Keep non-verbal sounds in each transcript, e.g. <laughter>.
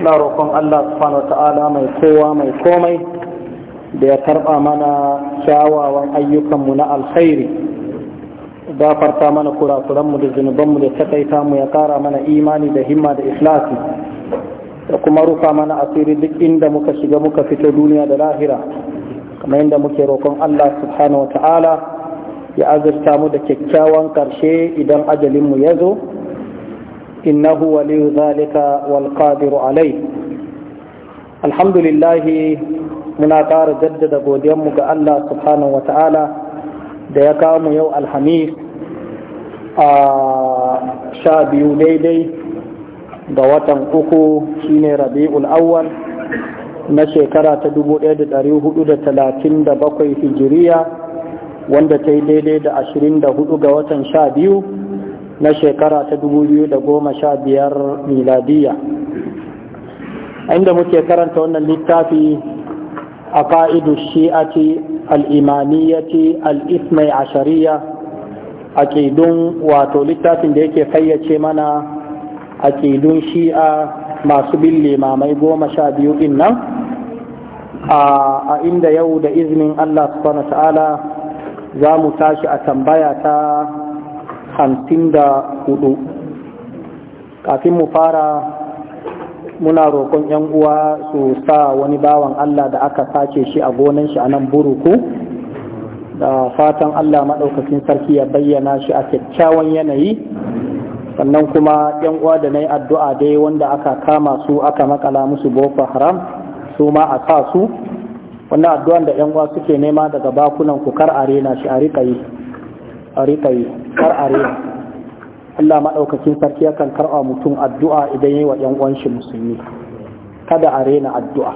na roƙon Allah subhanahu wa ta'ala mai kowa mai komai da ya karɓa mana kyawawan ayyukanmu na alkhairi gafarta mana kurakuranmu da zunubanmu da takaita mu ya ƙara mana imani da himma da ikhlasi da kuma rufa mana asiri duk inda muka shiga muka fito duniya da lahira kamar inda muke roƙon Allah subhanahu wa ta'ala ya azurta mu da kyakkyawan ƙarshe idan ajalinmu ya zo إنه ولي ذلك والقادر عليه الحمد لله muna ƙara jaddada godiyanmu ga Allah subhanahu wa ta'ala da ya kawo mu yau alhamis a sha biyu daidai ga watan uku shine rabi'ul awwal na shekara ta 1437 hijiriya wanda ta yi daidai da 24 ga watan sha biyu na shekara ta da goma sha biyar miladiya inda muke karanta wannan littafi a ka'idu shi'ati al'imamiyyati al'ismai ashariya a ƙidun wato littafin da yake fayyace mana a ƙidun shi'a masu bin limamai goma sha biyu ɗin nan a inda yau da izinin allah subhanahu ta'ala za mu tashi a tambaya ta hamsin da kafin mu fara muna roƙon 'yan uwa su sa wani bawan Allah da aka sace shi a gonan shi a nan buruku da fatan Allah maɗaukakin sarki ya bayyana shi a kyakkyawan yanayi sannan kuma 'yan uwa da na addu'a dai wanda aka kama su aka makala musu boko haram su ma a sa su wannan addu'an da 'yan uwa suke nema daga bakunan kukar arena shi a riƙa yi a riƙa yi kar a rena Allah maɗaukakin sarki yakan karɓa mutum addu'a idan yi wa ‘yan uwanshi musulmi kada a rena addu'a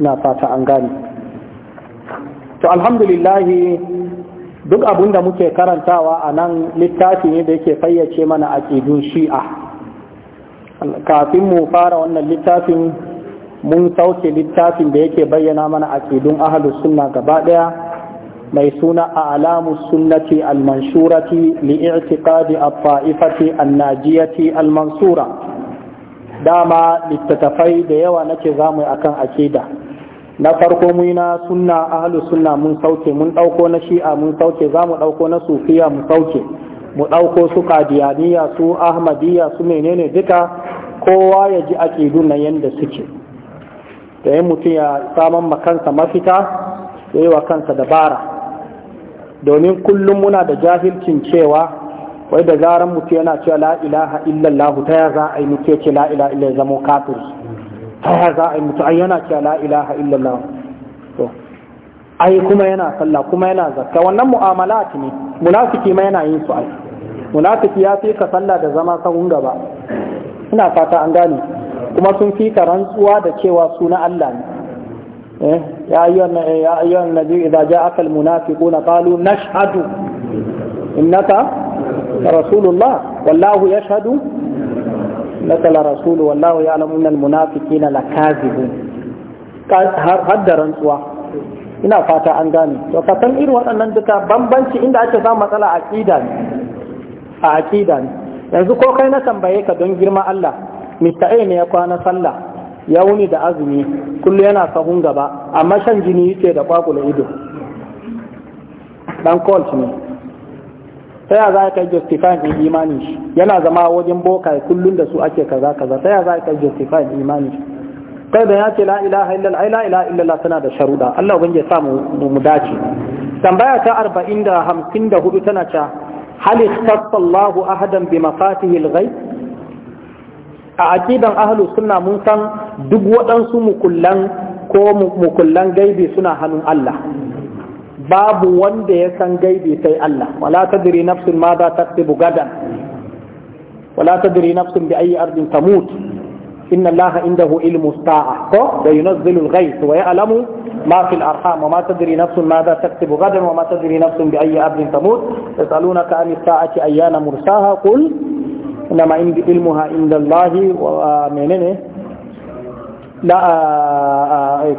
ina fata an gane to alhamdulillahi duk abin da muke karantawa a nan littafi ne da yake fayyace mana a shi'a kafin mu fara wannan littafin mun sauke littafin da yake bayyana mana aƙidun ahalus sunna gaba ɗaya mai suna a alamu sunnati almanshurati li'i'tiqadi a fa'ifati an-najiyati dama littattafai da yawa nake zamu akan akida na farko mu na sunna ahlu sunna mun sauke mun dauko na shi'a mun sauke zamu ɗauko na sufiya mun sauke mu dauko su qadiyaniya su ahmadiyya su menene duka kowa ya ji akidun nan yanda suke da yin mutum ya saman makansa mafita ya yi wa kansa dabara domin kullum muna da jahilcin cewa wai da zaran mutu yana cewa la'ilaha ilaha illallah ta ya za a yi mutu ce la'ila ilaha ya zamo kafir ta ya za a yi mutu ai yana cewa la ilaha to ai kuma yana sallah kuma yana zakka wannan mu'amalat ne munafiki ma yana yin su ai munafiki ya fi ka salla da zama sahun gaba ina fata an gane kuma sun fi ka rantsuwa da cewa suna Allah ne يا أيها النبي إذا جاءك المنافقون قالوا نشهد إنك رسول الله والله يشهد إنك لرسول والله يعلم إن المنافقين لكاذبون هدرا سوا ina fata an gane to ka san irin waɗannan duka bambanci inda ake sa matsala a aqida ne a aqida ne yanzu ko kai na tambaye ka don girma Allah Mr. A ne ya kwana sallah ya wuni da azumi kullum yana sahun gaba amma shan jini yake da kwakula ido dan colt ne ta ya za a yi justify din imanin shi yana zama wajen boka kullum da su ake kaza kaza ta ya za a yi justify din imanin shi kai da ya ce la ilaha illallah la ilaha illallah tana da sharuda Allah ubange ya sa mu dace tambaya ta 40 da 54 tana cewa hal ikhtassa Allahu ahadan bi mafatihi al-ghaib a aqidan ahlus sunna mun san duk waɗansu mukullan ko mukullan gaibi suna hannun Allah babu wanda ya san gaibi sai Allah wala tadri nafsun ma za taktubu gadan wala tadri nafsun bi ayi ardin tamut inna Allah indahu ilmu sa'a ko da yunazzilu al-ghayth wa ya'lamu ما في الأرحام وما تدري نفس ماذا تكتب غدا وما تدري نفس بأي أرض تموت يسألونك عن الساعة ayyana مرساها قل inama ha inda allahi wa menene da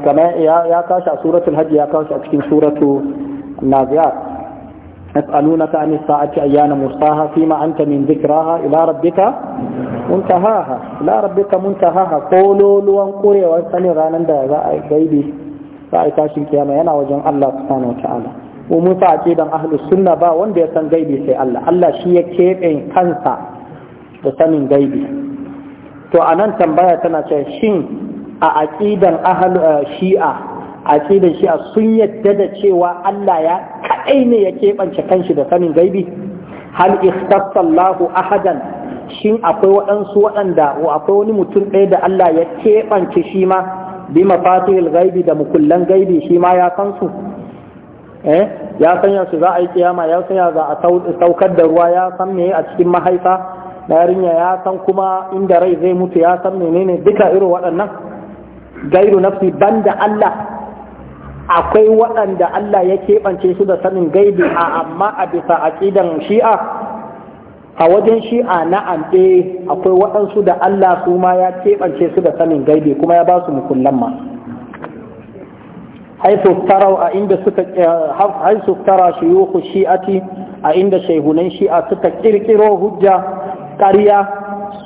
kamar ya kashi a suratul hajji ya kashi a cikin suratu naziyar yas'aluna ka anis sa'ati ayyana musaha fi ma anta min dhikraha ila rabbika muntahaha ila rabbika Ko kololuwan kurewa sanin ranar da za a gaibi za a yi tashi kiyama yana wajen Allah subhanahu wa ta'ala mu musa ce dan ahlus ba wanda ya san gaibi sai Allah Allah shi ya keɓe kansa da sanin gaibi to a nan tambaya tana ce shin a aƙidan eh, shi'a aƙidan shi'a sun yadda da cewa Allah ya kadai ne ya keɓance kanshi da sanin gaibi hal ikhtassa ahadan shin akwai waɗansu waɗanda akwai wani mutum ɗaya da Allah ya keɓance shi ma bi mafatihil gaibi da mukullan gaibi shi ma ya san su eh ya san za a yi kiyama ya san ya za a saukar da ruwa ya san me a cikin mahaifa yarinya ya san kuma inda rai zai mutu ya san menene duka irin waɗannan gairu nafsi banda Allah akwai waɗanda Allah ya keɓance su da sanin gaibi a amma a bisa aqidan shi'a a wajen shi'a na amɗe akwai waɗansu da Allah su ma ya keɓance su da sanin gaibi kuma ya ba su mukullan ma haisu a inda suka eh, haisu tara shi'ati a inda shaihunan shi'a suka kirkiro hujja ƙarya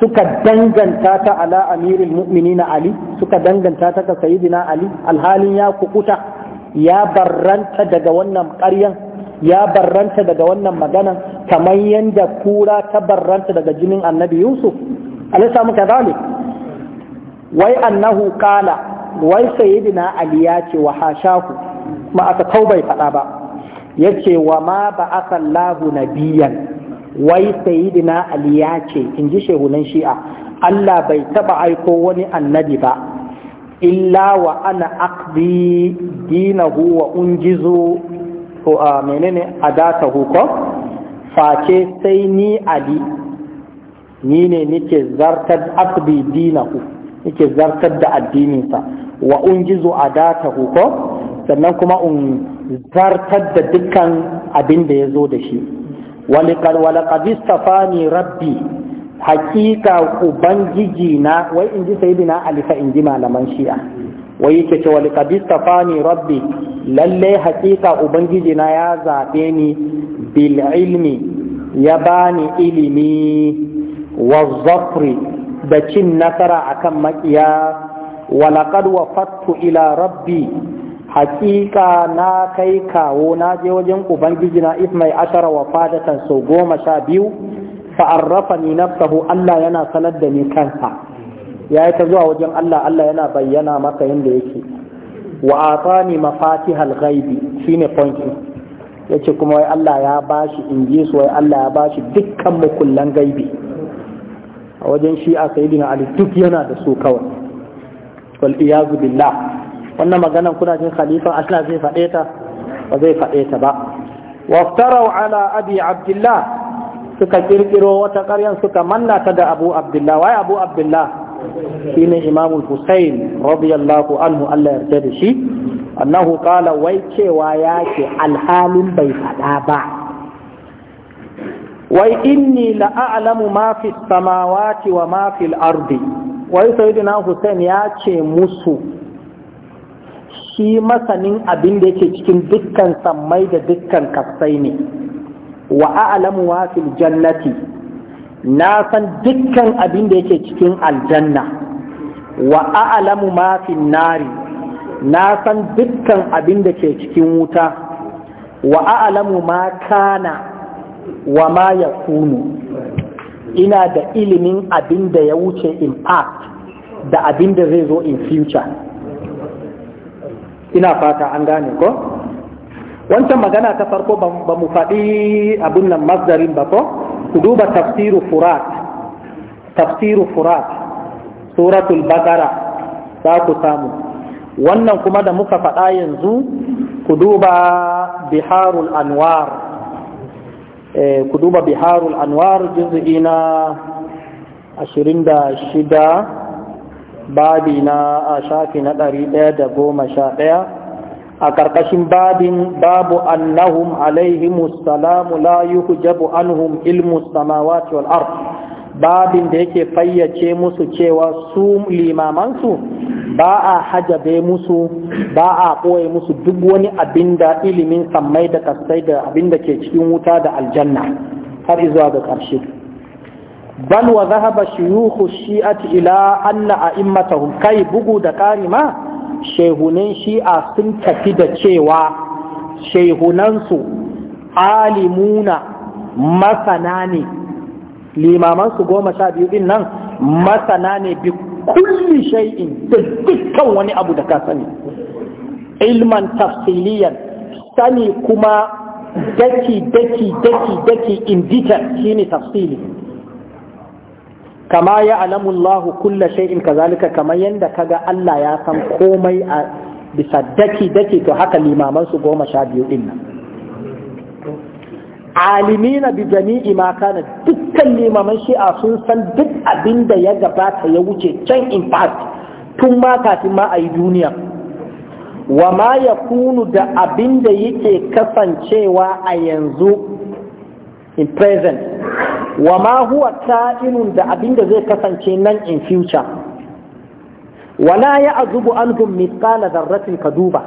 suka danganta ta ala amirul mu'minina ali suka danganta ta sayidina sayyidina ali alhalin ya kukuta ya barranta daga wannan ƙaryan ya barranta daga wannan maganan kamar yadda kura ta barranta daga jinin annabi yusuf alisa muka zalik wai annahu kala wai sayyidina ali ya ce wa hashaku ma aka faɗa ba yace wa ma ba aka lahu nabiyan wai sayidina ali ya ce in ji shehunan shi'a Allah bai taba aiko wani annabi ba illa wa ana aqdi dinahu wa unjizu ko a menene adatahu ko face sai ni ali ni ne nike zartar aqdi dinahu nike zartar da addininsa wa unjizu adata ko sannan kuma un zartar da dukkan abin da ya zo da shi walaƙad istafani rabbi hakika ubangiji na wai in ji sayidina ali in ji malaman shi'a wai yake ce walaƙad istafani rabbi lalle hakika ubangiji na ya zaɓe ni bil ilmi ya bani ilimi wa zafri da cin nasara akan makiya wa wafattu ila rabbi hakika na kai kawo na je wajen ubangiji na ismai ashara wa fadatan sau goma sha biyu fa'arrafa ni nafsahu Allah yana sanar da ni kansa ya yi ta zuwa wajen Allah Allah yana bayyana maka yadda yake wa atani mafatihal ghaibi shine point yace kuma wai Allah ya bashi injisu su wai Allah ya bashi dukkan mukullan gaibi a wajen shi a sayidina Ali duk yana da su kawai wal billah wannan maganan kuna jin khalifa asla zai faɗe ta ba zai faɗe ta ba waftarau ala abi abdullah suka kirkiro wata ƙaryan suka manna ta da abu abdullah wai abu abdullah shine imam husayn radiyallahu anhu Allah yarda da shi annahu qala wai cewa yake alhalin bai faɗa ba wai inni la'alamu ma fi samawati wa ma fil ardi wai sayyidina husayn ya ce musu shi masanin abin da yake cikin dukkan sammai da dukkan kasai ne wa a'lamu wa fil jannati na san dukkan abin da yake cikin aljanna wa a'lamu ma fil nari na san dukkan abin da ke cikin wuta wa a'lamu ma kana wa ma yakunu ina da ilimin abin da ya wuce in past da abin da zai zo in future ina fata an gane ko wancan magana ta farko ba mu faɗi abin nan masdarin ba ko ku duba tafsiru furat tafsiru furat suratul bakara za ku samu wannan kuma da muka faɗa yanzu ku duba biharul anwar eh, ku duba biharul anwar juz'i na 26 babi na a shafi na ɗari ɗaya da goma sha ɗaya a ƙarƙashin babin babu annahum alaihimu salamu la hujabu anhum ilmu samawati wal ar babin da yake fayyace musu cewa su limamansu ba a hajabe musu ba a ɓoye musu duk wani abin da ilimin sammai da kasai da abin da ke cikin wuta da aljanna har zuwa ga ƙarshe bal wa zahaba shuyukhu shi'ati ila anna a'immatahum kai bugu da ƙari ma shehunan shi'a sun tafi da cewa shehunansu alimuna masana ne limamansu goma sha biyu din nan masana ne bi kulli shay'in da dukkan wani abu da ka sani ilman tafsiliyan sani kuma daki daki daki daki in detail shine tafsiri. kama ya alamu kulla shay'in kazalika kamar yadda kaga Allah ya san komai a bisa daki daki to haka limaman su goma sha biyu din nan alimina bi jami'i ma kana dukkan limaman shi'a sun san duk abin da ya gabata ya wuce can in fact tun ma kafin ma a yi duniya wa ma ya kunu da abin da yake kasancewa a yanzu in present wa ma huwa ka'inun da abin da zai kasance nan in future wala ya azubu anhum mithqala dharratin kaduba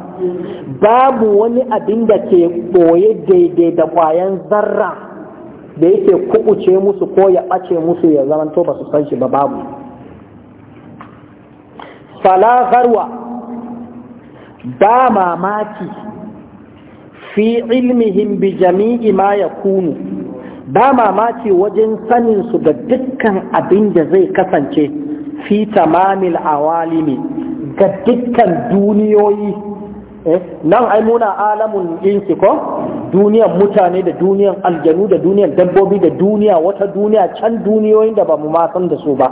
babu wani abin da ke boye daidai da kwayan zarra da yake kubuce musu ko ya bace musu ya zamanto ba su san shi ba babu fala garwa ba mamaki fi ilmihim bi jami'i ma yakunu ba mamaci wajen sanin su da dukkan abin da zai kasance fi tamamil awalimi ga dukkan duniyoyi eh, nan ai muna alamun ɗinki ko duniyan mutane da duniyan aljanu da duniyan dabbobi da duniya wata duniya can duniyoyin da ba mu ma san da su ba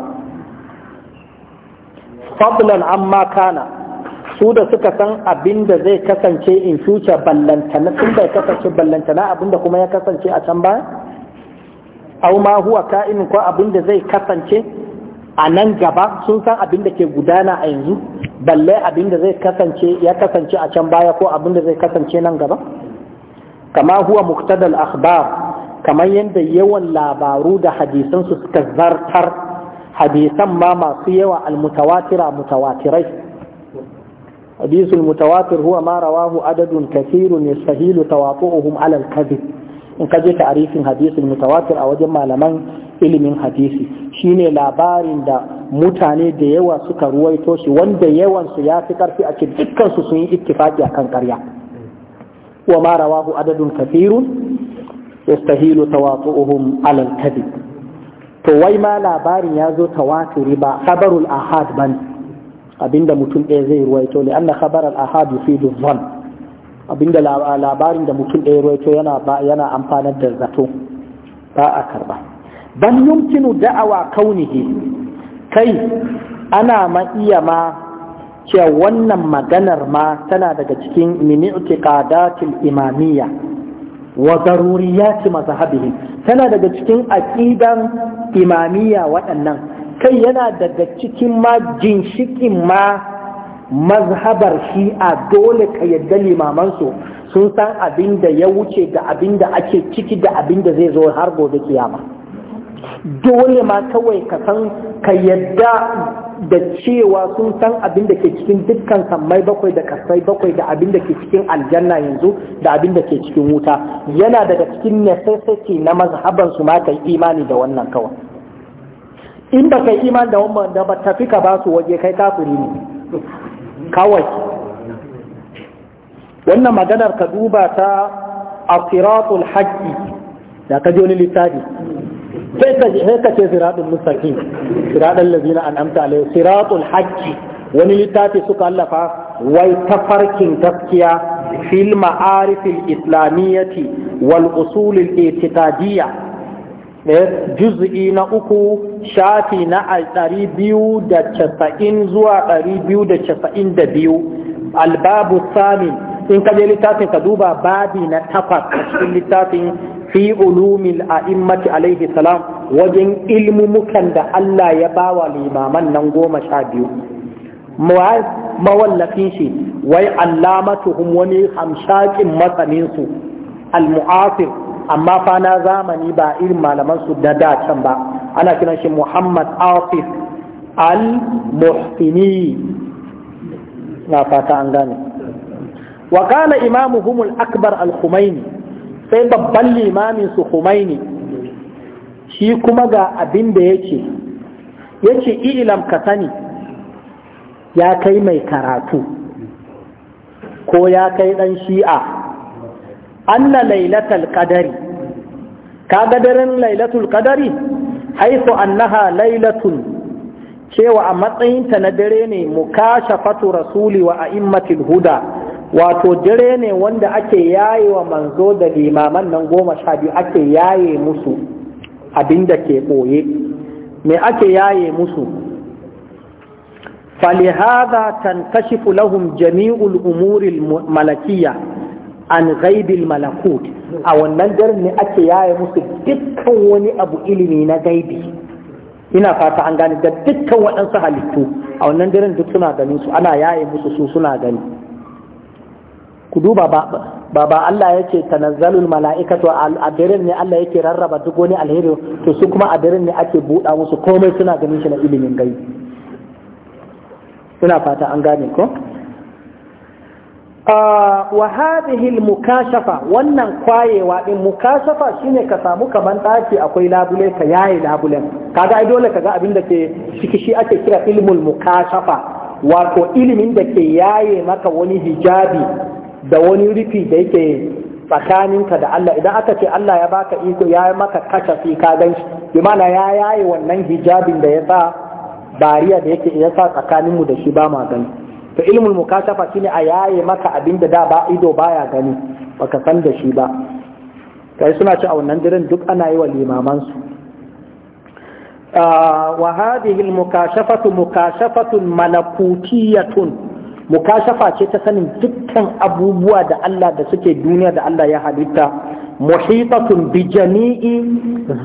fadlan amma kana su da suka san abin da zai kasance in future ballantana sun bai kasance ballantana abin da kuma ya kasance a can baya au ma huwa ka'in ko abin da zai kasance a nan gaba sun san abin da ke gudana a yanzu balle abin da zai kasance ya kasance a can baya ko abin da zai kasance nan gaba kama huwa muktadal akhbar kamar yadda yawan labaru da hadisan su suka zartar hadisan ma masu yawa almutawatira mutawatirai hadisul mutawatir huwa ma rawahu adadun kathirun yastahilu tawatu'uhum ala al-kadhib in ka je ta'arifin hadisin mutawatir a wajen malaman ilimin hadisi shine labarin da mutane da yawa suka ruwaito shi wanda yawansu ya fi karfi a ce dukkansu sun yi ittifaki akan karya wa ma rawahu adadun kafirun yastahilu tawatu'uhum ala al-kadhib to wai ma labarin ya zo tawaturi ba khabarul ahad ban abinda mutum ɗaya zai ruwaito ne anna khabarul ahad yufidu dhann abinda labarin da mutum ɗaya roito yana yana amfanar da zato ba a karba ban yumkinu da'awa kaunihi kai ana ma iya ma cewa wannan maganar ma tana daga cikin min i'tiqadatil imamiyya wa daruriyati mazhabihim tana daga cikin aƙidan imamiyya waɗannan kai yana daga cikin ma ginshikin ma mazhabar shi'a dole ka yadda limamansu sun san abin da ya wuce da abin da ake ciki da abin da zai zo har gobe kiyama dole ma kawai ka san ka yadda da cewa sun san abin da ke cikin dukkan sammai bakwai da kasai bakwai da abin da ke cikin aljanna yanzu da abin da ke cikin wuta yana daga cikin necessity na mazhaban su ma yi imani da wannan kawai in ba kai imani da wannan da ba tafi ka ba su waje kai kafiri ne kawai wannan maganar ka duba ta asiratul haƙƙi. da ka ji wani littafi sai ka ce siratul mustaqim siratul lazina an'amta alaihi siratul haƙƙi. wani littafi suka allafa wai tafarkin gaskiya fil ma'arifil islamiyyati wal usulil itiqadiyya Eh, juz'i na uku shafi na ɗari biyu da casa'in zuwa ɗari biyu da casa'in da biyu albabu samin in ka je littafin ka duba babi na takwas a cikin littafin fi ulumil a'immati alaihi salam wajen ilmumukan da Allah ya bawa limaman nan goma sha biyu mawallafin shi wai allamatuhum wani hamshakin matsaninsu al-mu'asir amma fa na zamani ba irin malaman su da da can ba ana kiran shi Muhammad Afif al muhtini na fata an gane wa kana imamuhum al-akbar al-Khumaini sai babban limamin su Khumaini shi kuma ga abin da yake yace ilam ka sani ya kai mai karatu ko ya kai dan shi'a anna lailatul qadari kaga daren lailatul qadari haifu annaha lailatul cewa a matsayinta na dare ne mukashafatu rasuli wa a'immatil huda wato dare ne wanda ake yaye wa manzo da limaman nan goma sha biyu ake yaye musu abinda ke ɓoye me ake yaye musu tan تنكشف lahum Jami'ul Umuril malakiyya an gaibil malakut a wannan daren ne ake yaya musu dukkan wani abu ilimi na gaibi ina fata an gane da dukkan waɗansu halittu a wannan daren duk suna ganin su ana yaye musu su suna gani ku duba ba ba Allah yake tanazzalul mala'ikatu a daren ne Allah yake rarraba duk wani alheri to su kuma a daren ne ake buɗa musu komai suna ganin shi na ilimin gaibi ina fata an gane ko wa hadhihi mukashafa wannan kwayewa din mukashafa shine ka samu kaman daki akwai labule ka yaye labulen kaga ai dole kaga abin da ke ciki shi ake kira ilmul mukashafa wato ilimin da ke yaye maka wani hijabi da wani rufi da yake tsakaninka da Allah idan aka ce Allah ya baka iko ya maka kashafi ka gan shi bi mana ya yaye wannan hijabin da ya sa bariya da yake ya sa tsakaninmu da shi ba ma gani to ilmul shi shine a yaye maka abin da da ba ido baya gani baka san da shi ba kai suna ci a wannan dirin duk ana yi wa limaman su wa hadhihi al mukashafatu mukashafatun malakutiyatun mukashafa ce ta sanin dukkan abubuwa da Allah da suke duniya da Allah ya halitta muhitatun bi jami'i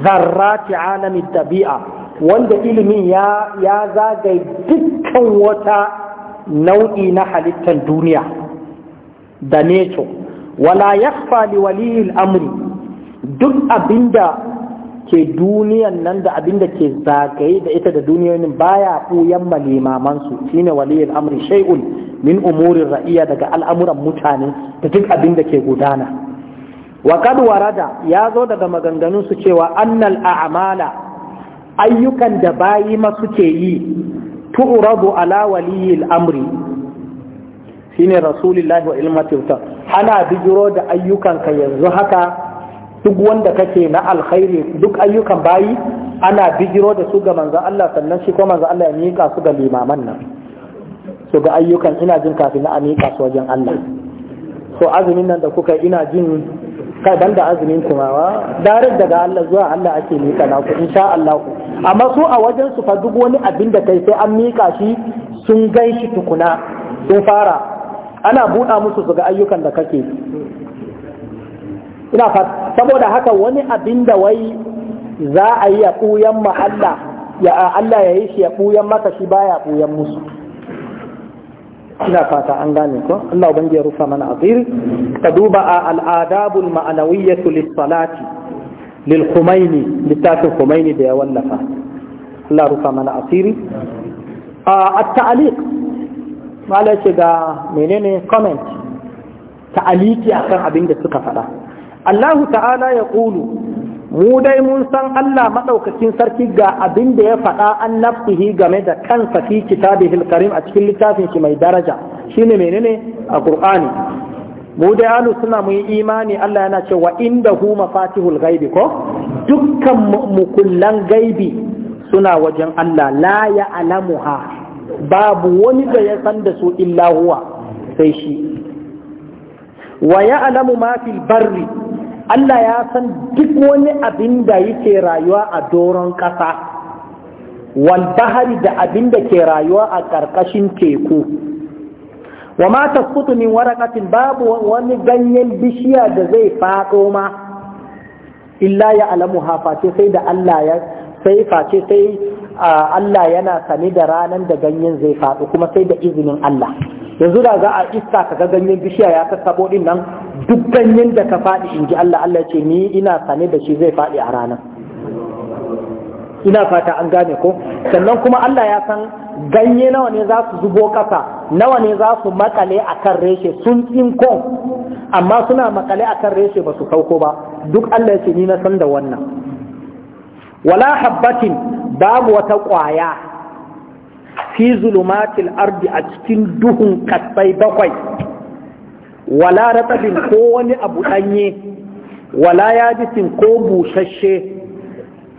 zarrati alami tabi'a wanda ilimin ya ya zagaye dukkan wata nau'i na halittar duniya da neto wala ya fali waliyul amri duk abinda ke duniyan nan da abinda ke zagaye da ita da duniyoyin baya ɓuyan malimaman su shine waliyul amri shay'un min umurin ra'iya daga al'amuran mutane da duk abinda ke gudana wa kad warada ya zo daga maganganun su cewa annal a'mala ayyukan da bayi ma suke yi tu'radu ala waliyil amri shine rasulullahi wa ilmatu ta ana bijiro da ka yanzu haka duk wanda kake na alkhairi duk ayyukan bayi ana bijiro da su ga manzo Allah sannan shi ko manzo Allah ya mika su ga limaman nan so ga ayyukan ina jin kafin na mika su wajen Allah so azumin nan da kuka ina jin kai da azumin kuma darar daga Allah zuwa Allah ake mika naku insha Allah ku amma su a wajen su fa duk wani abin da kai sai an mika shi sun gan tukuna sun fara ana buɗa musu su ga ayyukan da kake ina fa saboda haka wani abin da wai za a yi ya ɓuyan ma Allah ya Allah ya yi shi ya ɓuyan maka shi baya ɓuyan musu ina fata an gane ko Allah ubangiji ya rufa mana asiri ka duba a al'adabul ma'anawiyyatu lis-salati lil Khumaini littafin Khumaini da ya wallafa Allah rufa mana asiri a at-ta'liq malai ce ga menene comment ta'aliki akan abin da suka faɗa Allah ta'ala ya qulu mu dai mun san Allah maɗaukakin sarki ga abin da ya faɗa an nafsihi game da kansa fi kitabihil karim a cikin littafin shi mai daraja shine menene a Qur'ani mu dai alu suna mu yi imani Allah yana cewa inda huma mafatihul gaibi ko dukkan mukullan gaibi suna wajen Allah la ha, babu wani da ya san da su illa huwa sai shi wa alamu ma fil barri Allah ya san duk wani abin da yake rayuwa a doron ƙasa wal bahari da abin da ke rayuwa a ƙarƙashin teku wa ma tasqutu min waraqatin babu wani ganyen bishiya da zai faɗo ma illa ya alamu haface sai da Allah ya sai face sai Allah yana sane da ranar da ganyen zai faɗo kuma sai da izinin Allah yanzu da za a iska ka ga ganyen bishiya ya sabo din nan duk ganyen da ka faɗi in ji Allah Allah ce ni ina sani da shi zai faɗi a ranar ina fata an gane ko sannan kuma Allah ya san ganye nawa ne za su zubo ƙasa nawa ne za su makale a kan reshe sun tsinko amma suna makale a kan reshe ba su sauko ba duk Allah ya ce ni na san da wannan wala habbatin babu wata ƙwaya fi zulumatil ardi a cikin duhun kasai bakwai wala ratabin ko wani abu ɗanye wala yadisin ko busasshe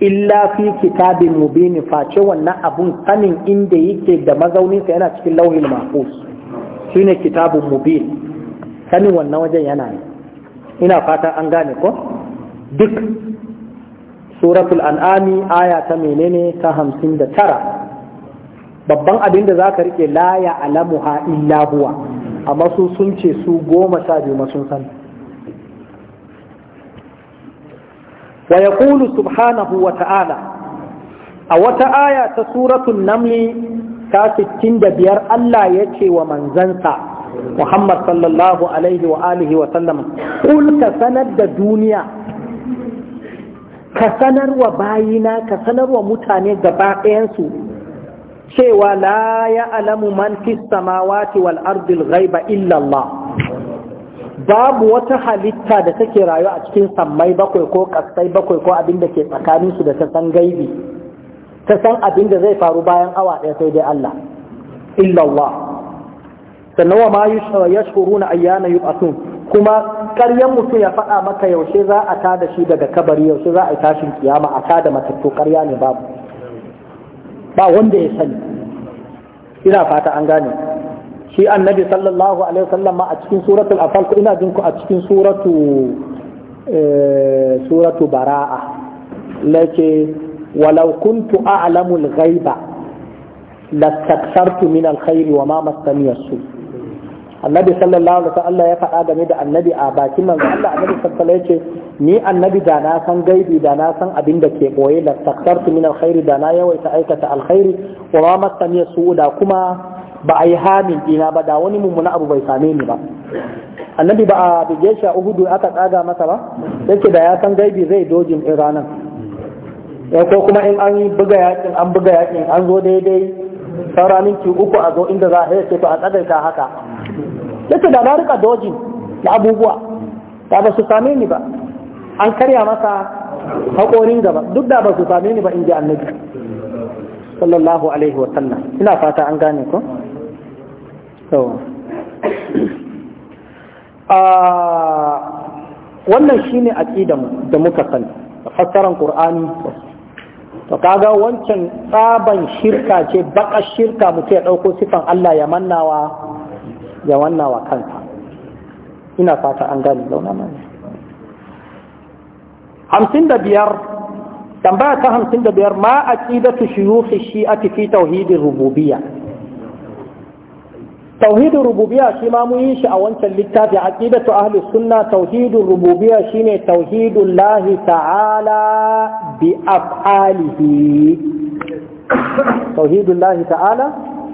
illa fi kitabin mubini face wannan abun sanin inda yake da mazauninsa yana cikin lauhin mahfuz shine kitabun mubin sanin wannan wajen yana ina fata an gane ko duk suratul an'ami aya ta menene ta hamsin da tara babban abin da za ka rike la ya ha illa huwa amma su sun ce su goma sha biyu ma sun wa wa Kulu subhanahu wa ta'ala a wata aya ta suratul namli ta sittin da biyar Allah ya ce wa manzansa Muhammad sallallahu alaihi wa alihi wa sallam kul ka sanar da duniya ka sanarwa bayina ka sanarwa mutane gaba ɗayansu cewa la ya alamu man samawati wal ardil ghaiba illa Allah babu wata halitta da take rayuwa a cikin sammai bakwai ko kasai bakwai ko abin da ke tsakanin su da ta san gaibi ta san abin da zai faru bayan awa ɗaya sai dai Allah illa Allah sannan wa ma yashuruna ayyana yub'atun kuma ƙaryan mutum ya faɗa maka yaushe za a tada shi daga kabari yaushe za a yi tashin kiyama a tada matattu ƙarya ne babu ba wanda ya sani ina fata an gane shi annabi sallallahu alaihi wasallam ma a cikin suratul anfal ina jin ku a cikin suratu eh, suratu bara'a lake walau kuntu a'lamul ghaiba lastakthartu min alkhairi wa ma masani su annabi sallallahu alaihi wasallam ya faɗa game da annabi a bakin manzo Allah annabi sallallahu alaihi ce ni annabi da na san gaibi da na san abin da ke boye la taqtartu min alkhairi da na yawaita aikata alkhairi wa ma su da kuma ba a yi hamin dina ba da wani mummuna abu bai same ni ba annabi ba a bige shi a uhudu aka tsaga masa ba yake da ya san gaibi zai dojin iranan ko kuma in an buga yakin an buga yakin an zo daidai saura minti uku a zo inda za a haike to a tsagaita haka yace da na rika dojin da abubuwa da ba su same ni ba an karya masa haƙorin gaba duk da ba su same ni ba in ji annabi sallallahu alaihi wa sallam ina fata an gane ko ah, wannan shine aqidan da muka sani fassaran qur'ani to kaga wancan tsaban shirka ce baka shirka mutum ya dauko sifan Allah ya mannawa ya wannan wa kansa ina fata an gani launa mana hamsin da biyar tambaya ta hamsin da biyar ma a ƙidatu shiyuhi shi'ati fi tauhidin rububiya tauhidin rububiya shi ma mun yi shi a wancan littafi a ƙidatu ahli sunna tauhidin rububiya shi ne tauhidun lahi ta'ala bi af'alihi tauhidun lahi ta'ala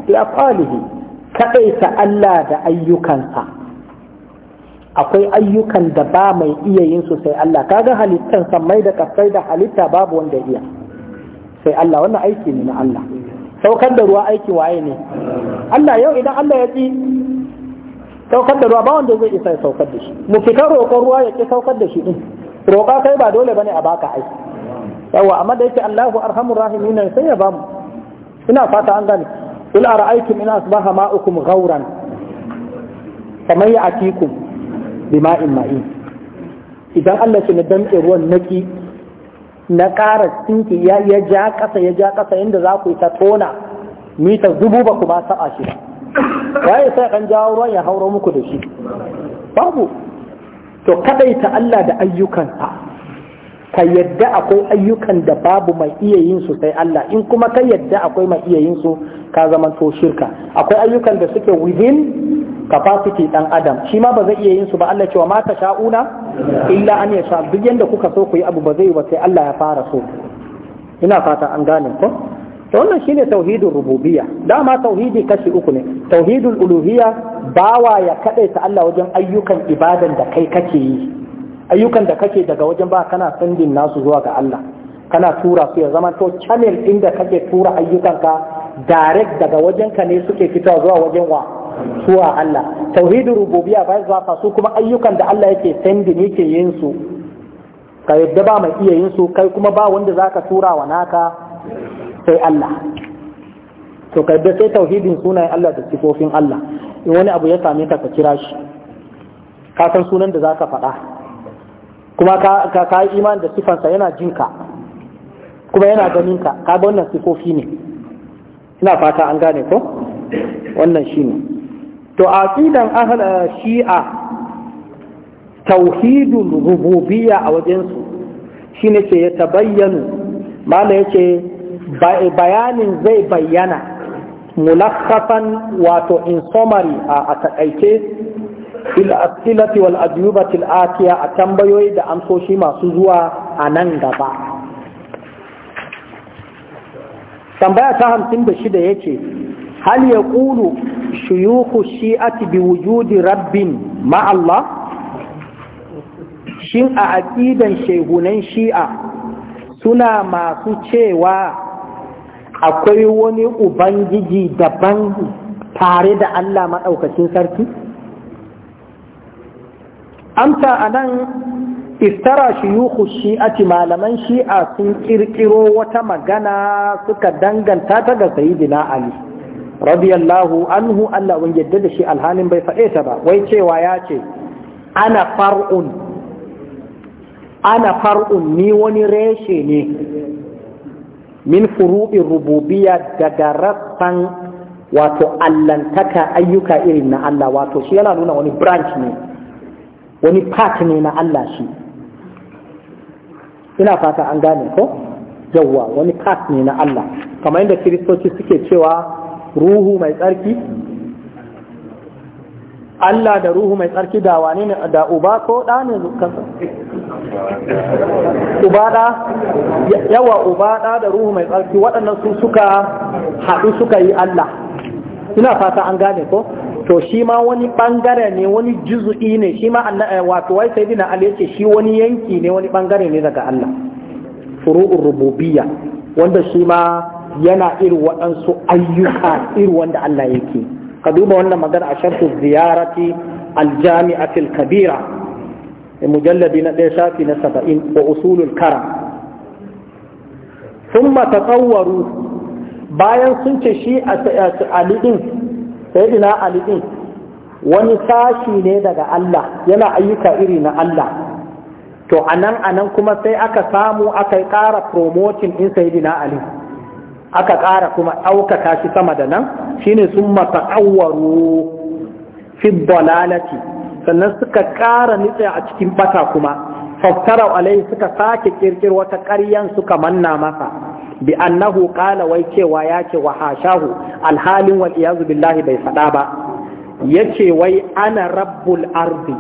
bi af'alihi kaɗaita Allah da ayyukansa akwai ayyukan da ba mai iya yin su sai Allah kaga halittan mai da kafai da halitta babu wanda iya sai Allah wannan aiki ne na Allah saukar da ruwa aiki waye ne Allah yau idan Allah ya ci saukar da ruwa ba wanda zai isa ya saukar da shi mu fita roƙon ruwa ya ci saukar da shi din roƙa kai ba dole bane a baka aiki yawa amma da yake Allahu arhamur rahimin sai ya bamu ina fata an gane قل أرأيتم إن أصبح ماؤكم غورا فمن يأتيكم بماء معين إذا الله سندم إروان نكي نقار سنكي يا يا جا قصا يا جا قصا عند ذاكو تتونا ميتا زبوبا كما سأشي waye sai kan jawo ruwan ya hauro muku da shi babu to kadaita Allah da ayyukansa ka yadda akwai ayyukan da babu mai iya yin su sai Allah in kuma ka yadda akwai mai iya yin su ka zama to shirka akwai ayyukan da suke within capacity dan adam shi ma ba zai iya yin su ba Allah cewa ma ta sha'una illa an yasha duk yanda kuka so ku yi abu ba zai ba sai Allah ya fara so ina fata an gane ko to wannan shine tauhidul rububiyya dama tauhidi kashi uku ne tauhidul uluhiyya bawa ya kadaita Allah wajen ayyukan ibadan da kai kake yi ayyukan da kake daga wajen ba kana sandin nasu zuwa ga Allah kana tura su ya zama to channel da kake tura ayyukanka direct daga wajenka ne suke fitowa zuwa wajen wa zuwa Allah tauhidur rububiyya bai fa su kuma ayyukan da Allah yake sendin yake yin su ka yadda ba mai iya yin su kai kuma ba wanda zaka tura wa naka sai Allah to kai da sai tauhidin sunayen Allah da sifofin Allah in wani abu ya same ka ka kira shi ka san sunan da zaka faɗa kuma ka ka iman da sifansa yana jinka kuma yana ganin ka ka wannan sifofi ne ina fata an gane ko wannan shine to a aqidan ahl shi'a tauhidul rububiyya a wajen su shine ce ya tabayyanu ya ce bayanin zai bayyana mulakkafan wato in summary a takaice fil asilati wal ajubati al atiya a tambayoyi da amsoshi masu zuwa a nan gaba tambaya ta hamsin da shida yace hal ya kulu shuyuhu shi'ati bi wujudi rabbin ma shin a aƙidan shehunan shi'a suna masu cewa akwai wani ubangiji daban tare da Allah maɗaukacin sarki? amsa a nan iftara shiyuku shi'ati malaman shi'a sun kirkiro wata magana suka danganta ta ga sayidina ali radiyallahu anhu Allah wani yadda da shi alhalin bai faɗe ta ba wai cewa ya ce ana far'un ana far'un ni wani reshe ne min furu'in rububiya daga rassan wato allantaka ayyuka irin na Allah wato shi yana nuna wani branch ne wani part ne na Allah shi ina fata an gane ko yawwa wani part ne na Allah kamar yadda kiristoci suke cewa ruhu mai tsarki Allah da ruhu mai tsarki da wane ne da uba ko da ne uba da yawa uba da da ruhu mai tsarki waɗannan su suka haɗu suka yi Allah ina fata an gane ko to shi ma wani bangare ne wani juzu'i ne shi ma eh, wato wai sai dina ali ce." shi wani yanki ne wani bangare ne daga Allah furu'ur rububiyya wanda shi ma yana irin waɗansu ayyuka irin wanda Allah yake ka duba wannan magana a shartu ziyarati aljami'atil kabira mujalladi na ɗaya shafi na saba'in wa usulul kara sun matasawwaru bayan sun ce shi a sayyidina ali din wani sashi ne daga Allah yana ayyuka iri na Allah to anan anan kuma sai aka samu aka ƙara promoting din sayyidina ali aka ƙara kuma ɗaukaka shi sama da nan shine sun mata'awwaru fi dalalati sannan suka ƙara nitsa a cikin bata kuma faftara alai suka sake kirkir wata ƙaryan suka manna masa bi annahu qala wai cewa ya wa hashahu alhalin wal iyazu billahi bai faɗa ba yace wai ana rabbul ardi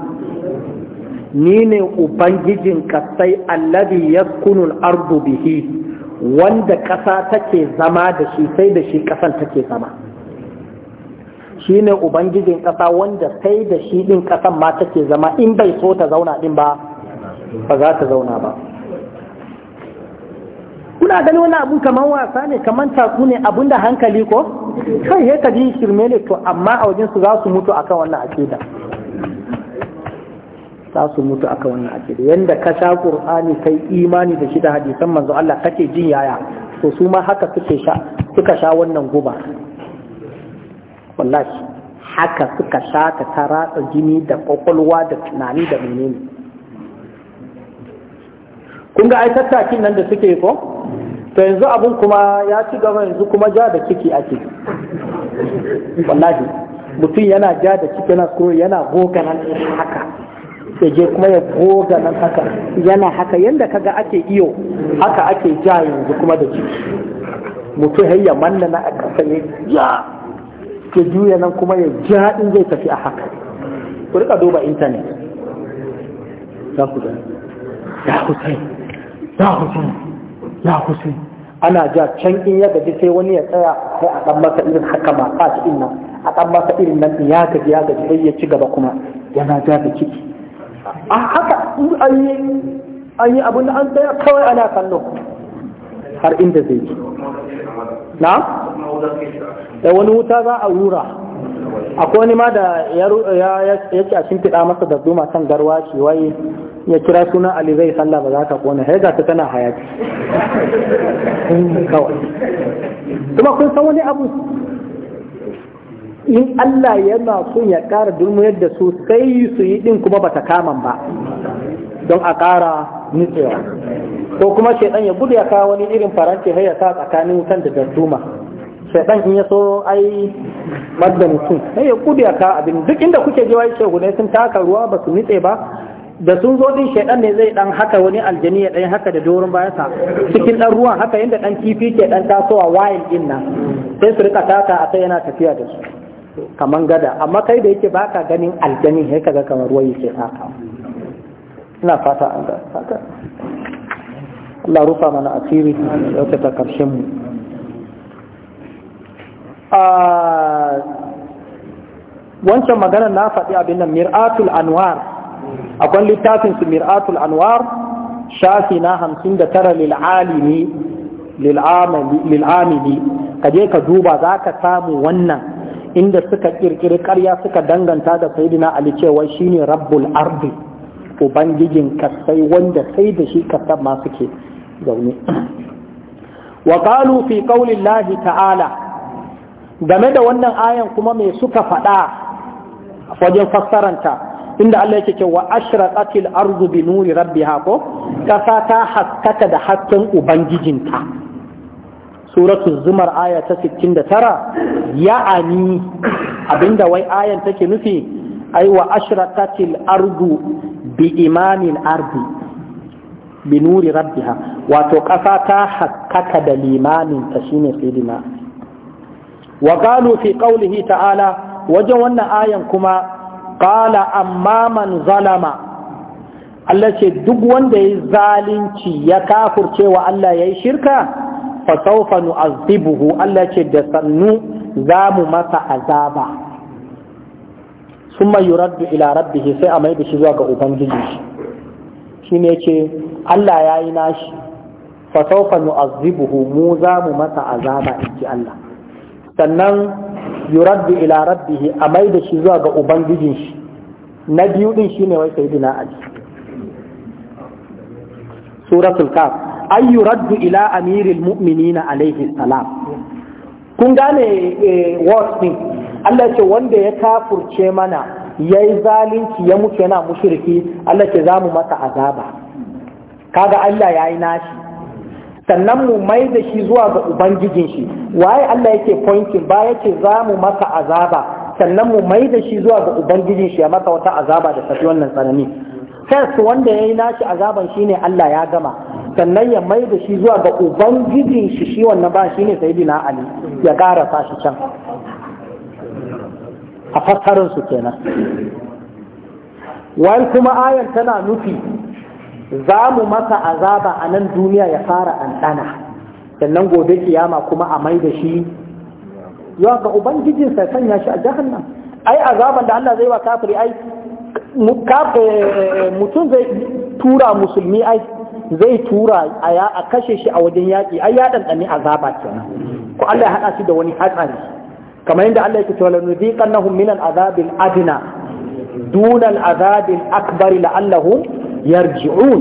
ni ne ubangijin kasai alladhi yaskunu al ardu bihi wanda ƙasa take zama da shi sai da shi ƙasan take zama shi ne ubangijin ƙasa wanda sai da shi ɗin ƙasan ma take zama in bai so ta zauna ɗin ba ba za ta zauna ba kuna gani wani abu kamar wasa ne kamar taku ne abun da hankali ko kai he ka shirme ne to amma a wajen su za su mutu akan wannan akida za su mutu akan wannan akida yanda ka sha qur'ani kai imani da shi da hadisan manzo Allah kake jin yaya to su ma haka suke sha suka sha wannan guba wallahi haka suka sha ta ratsa jini da kwakwalwa da tunani da menene kun ga ai tattakin nan da suke ko to yanzu abun kuma ya ci gaba yanzu kuma ja da ciki ake wallahi mutum yana ja da ciki na kuro yana goga nan haka ya je kuma ya goga nan haka yana haka yanda kaga ake iyo haka ake ja yanzu kuma da ciki mutum har ya manna na a ƙasa ne ya ke juya nan kuma ya ja in zai tafi a haka ku rika duba intanet za ku gani ya ku sai ya husain ya husain ana ja can in ya gaji sai wani ya tsaya sai a dan masa irin haka ma ba cikin nan a dan masa irin nan ya gaji ya gaji sai ya ci gaba kuma yana ja da ciki a haka an yi an yi abin da an tsaya kawai ana kallo har inda zai ji na da wani wuta za a rura akwai wani ma da ya yake a shimfiɗa masa da zuma kan garwa shi waye ya kira suna ali zai sallah ba za ka kone sai ga ta tana hayaki kawai kuma kun san wani abu in Allah yana son ya ƙara durmuyar da su sai su yi ɗin kuma ba ta kaman ba don a ƙara nutsewa ko kuma shaidan ya gudu ya kawo wani irin faranti har ya sa tsakanin wutan da darduma shaidan in ya so ai madda mutum sai ya kudi a ka abin duk inda kuke jiwa ya ce ne sun taka ruwa ba su nitse ba da sun zo din shaidan ne zai dan haka wani aljani ya dan haka da doron bayan sa cikin dan ruwan haka yanda dan kifi ke dan tasowa wayan din nan sai su rika taka a sai yana tafiya da su kaman gada amma kai da yake baka ganin aljani sai kaga kamar ruwa yake haka ina fata an ga Allah rufa mana asiri yau ta karshen mu wancan maganar na faɗi abin nan mir'atul anwar akwai littafin mir'atul anwar shafi na hamsin da tara lil'alimi lil'amili ka je ka duba za ka samu wannan inda suka kirkiri karya suka danganta da sayidina ali cewa shine rabbul ardi ubangijin kasai wanda sai da shi kasan masu ke zaune <clears throat> wa fi qaulillahi ta'ala game da wannan ayan kuma me suka faɗa wajen fassaranta inda Allah yake ce wa ashraqatil ardu bi nuri rabbiha ko kasa ta haskaka da hasken ubangijinta suratul zumar aya ta 69 ya'ani abinda wai ayan take nufi ai wa ashraqatil ardu bi imanin ardi bi nuri rabbiha wato kasa ta haskaka da limamin ta shine sayyidina wa qalu fi qawlihi ta'ala wajen wannan ayan kuma qala amma man zalama Allah ce duk wanda yayi zalunci ya kafurce wa Allah yayi shirka fa sawfa nu'azzibuhu Allah ce da sannu za mu masa azaba summa yuraddu ila rabbih sai a mai da shi zuwa ga ubangiji shi shine ce Allah yayi nashi fa sawfa nu'azzibuhu mu za mu masa azaba inji Allah sannan yuraddu ila rabbihi a mai da shi zuwa ga ubangijin shi na biyu din shine wai sayyidina ali suratul kaf ay yuraddu ila amiril mu'minina alayhi salam kun gane eh, word din Allah ce wanda ya kafurce mana yayi zalunci ya muke na mushriki Allah ce za mu masa azaba kaga Allah yayi nashi sannan mu mai da shi zuwa ga ubangijin shi waye Allah yake pointing ba yake za mu maka azaba sannan mu mai da shi zuwa ga ubangijin shi ya maka wata azaba da tafi wannan tsanani first wanda ya yi nashi azaban shine Allah ya gama sannan ya mai da shi zuwa ga ubangijin shi shi wannan ba shine sayyidina Ali ya karasa shi can a fassarin su kenan wai kuma ayan tana nufi za mu masa azaba a nan duniya ya fara ɗanɗana sannan gobe kiyama kuma a mai da shi yawa ga sai sanya shi a jahannan ai azaban da Allah zai wa kafiri ai eh, eh, mutum zai tura musulmi ai zai tura a kashe shi a wajen yaƙi ai ya ɗanɗani azaba kenan ko Allah ya haɗa shi da wani hatsari kamar yadda Allah ya cewa nuziqannahum min al-azabil adna duna al-azabil akbar la'allahum yarji'un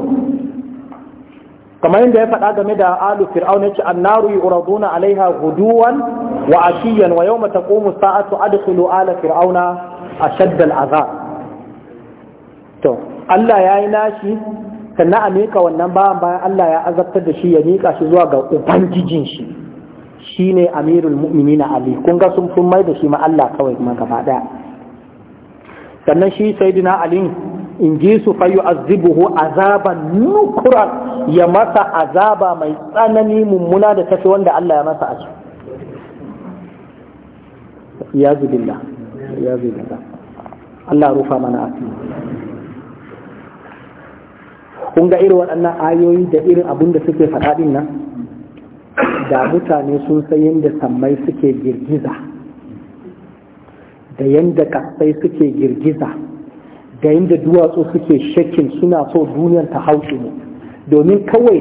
kamar yadda ya faɗa game da alu fir'aun yace annaru yuraduna alaiha guduwan wa ashiyan wa yawma taqumu sa'atu adkhulu ala fir'auna ashadda al'azab to Allah yayi nashi sannan a wannan bayan bayan Allah ya azabtar da shi ya nika shi zuwa ga ubangijin shi shine amirul mu'minina ali kun ga sun sun mai da shi ma Allah kawai ma gaba daya sannan shi sayyidina ali in ji su fayu azibuhu azaban nukura ya masa azaba mai tsanani mummuna da tafi wanda Allah ya masa aji ya zubillah ya zubillah Allah rufa mana asiri kun ga irin waɗannan ayoyi da irin abin da suke faɗaɗin nan da mutane sun san yadda sammai suke girgiza da yadda kasai suke girgiza ga yadda duwatsu suke shakkin suna so duniyar ta haushe ne, domin kawai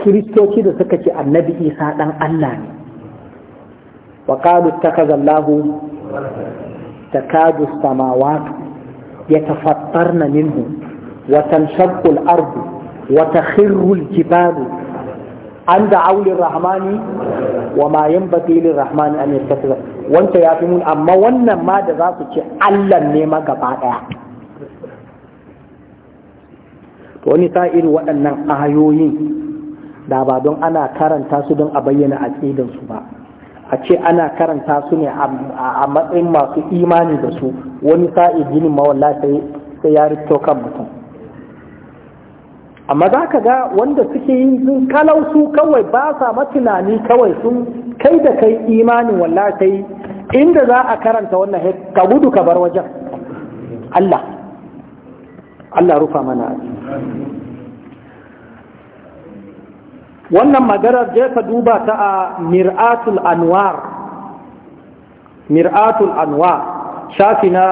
kiristoci da suka ce annabi isa ɗan allah ne wa ƙalu ta kazallahu ta kaju samawatu ya tafattar na minhu watan shakkul ardu wata khirrul jibalu an da aulin rahmani wa ma batili rahman an yastaghfir wanda ya fi mun amma wannan ma da za ku ce Allah ne ma gaba daya to wani sa'ir waɗannan ayoyin da ba don ana karanta su don a bayyana aqidan su ba a ce ana karanta su ne a matsayin masu imani da su wani sa'i jinin ma wallahi sai ya rito kan mutum amma za ka ga wanda suke yi sun kalau su kawai ba sa matunani kawai sun kai da kai imanin wallahi inda za a karanta wannan ka gudu ka bar wajen Allah Allah rufa mana wannan maganar je ka duba ta a mir'atul anwar mir'atul anwar shafi na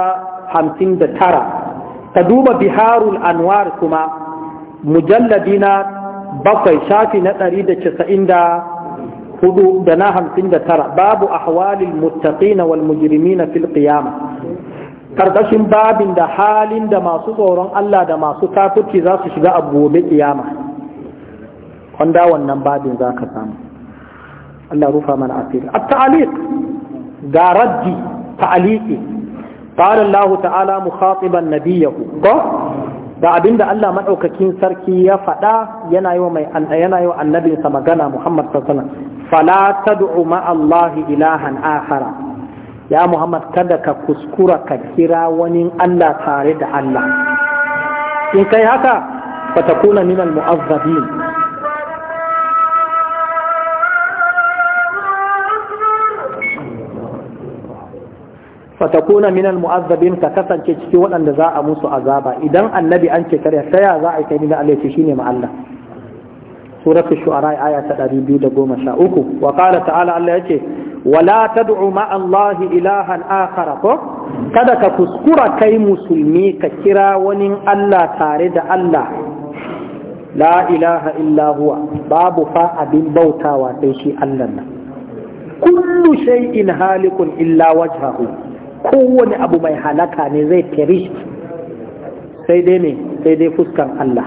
hamsin da tara ka duba biharul anwar kuma mujalladi na bakwai shafi na ɗari da casa'in da hudu da na hamsin da tara babu ahwalil muttaqina wal mujrimina fil qiyama karkashin babin da halin da masu tsoron Allah da masu kafirci za su shiga a gobe ƙiyama. wanda wannan babin za ka samu Allah rufa mana asiri a ta'aliq ga raddi ta'aliki qala Allah ta'ala mu mukhatiban nabiyahu ko da abinda Allah maɗaukakin sarki ya faɗa yana yi yana yi wa annabinsa magana Muhammad sallallahu alaihi wasallam fala tad'u ma Allah ilahan akhara ya Muhammad kada ka kuskura ka kira wani Allah tare da Allah in kai haka fatakuna minal mu'azzabin fatakuna minal mu'azzabin ka kasance cikin waɗanda za a musu azaba idan annabi an ce kare ta ya za a kai da Allah shi ne ma'alla suratul shu'ara aya ta 213 wa qala ta'ala Allah yace wala tad'u ma'a Allah ilahan akhar ko kada ka kuskura kai musulmi ka kira wani Allah tare da Allah la ilaha illa huwa babu fa abin bautawa sai shi Allah nan kullu shay'in halikun illa wajhahu kowane abu mai halaka ne zai perish sai dai ne sai dai fuskan Allah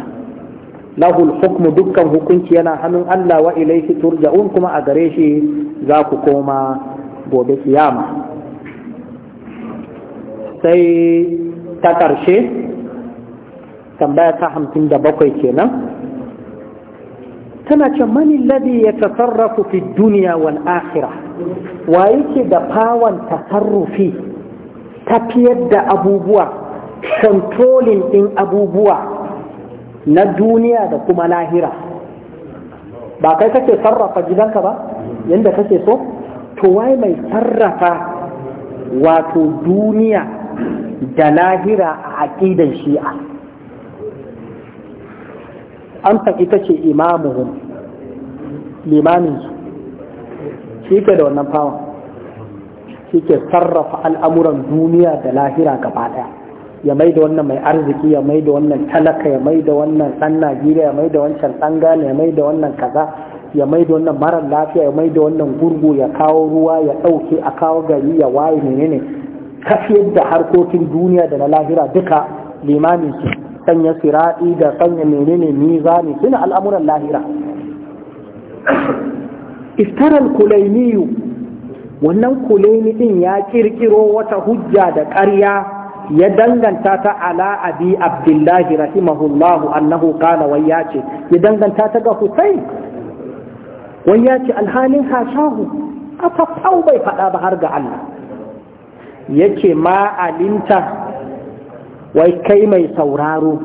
lahul hukmu dukkan hukunci yana hannun Allah wa ilaihi turja'un kuma a gare shi za ku koma gobe kiyama sai ta ƙarshe tambaya ta hamsin da bakwai kenan tana ce mani ladi ya tasarrafu fi duniya wal akhirah wa yake da fawon tasarrufi tafiyar da abubuwa controlling ɗin abubuwa na duniya da kuma lahira ba kai kake sarrafa gidanka ba yadda kake so to wai mai sarrafa wato duniya da lahira a aƙidan shi'a amsa ita ce imamuhum limamin shi ke da wannan fawon suke sarrafa al'amuran duniya da lahira gaba ɗaya ya mai da wannan mai arziki ya mai da wannan talaka ya mai da wannan ɗan najeriya ya mai da wancan ɗan ya mai da wannan kaza ya mai da wannan marar lafiya ya mai da wannan gurgu ya kawo ruwa ya ɗauke a kawo gari ya waye menene kafiyar da harkokin duniya da na lahira duka limamin su sanya siraɗi da sanya menene mizani suna al'amuran lahira iftaral kulaimiyu wannan kuleni din ya kirkiro wata hujja da ƙarya ya danganta ta ala abi abdullahi rahimahullahu annahu qala wai ya ce ya danganta ta ga husain wai ya ce alhalin hashahu aka fau bai faɗa ba har ga Allah yake ma alinta wai kai mai sauraro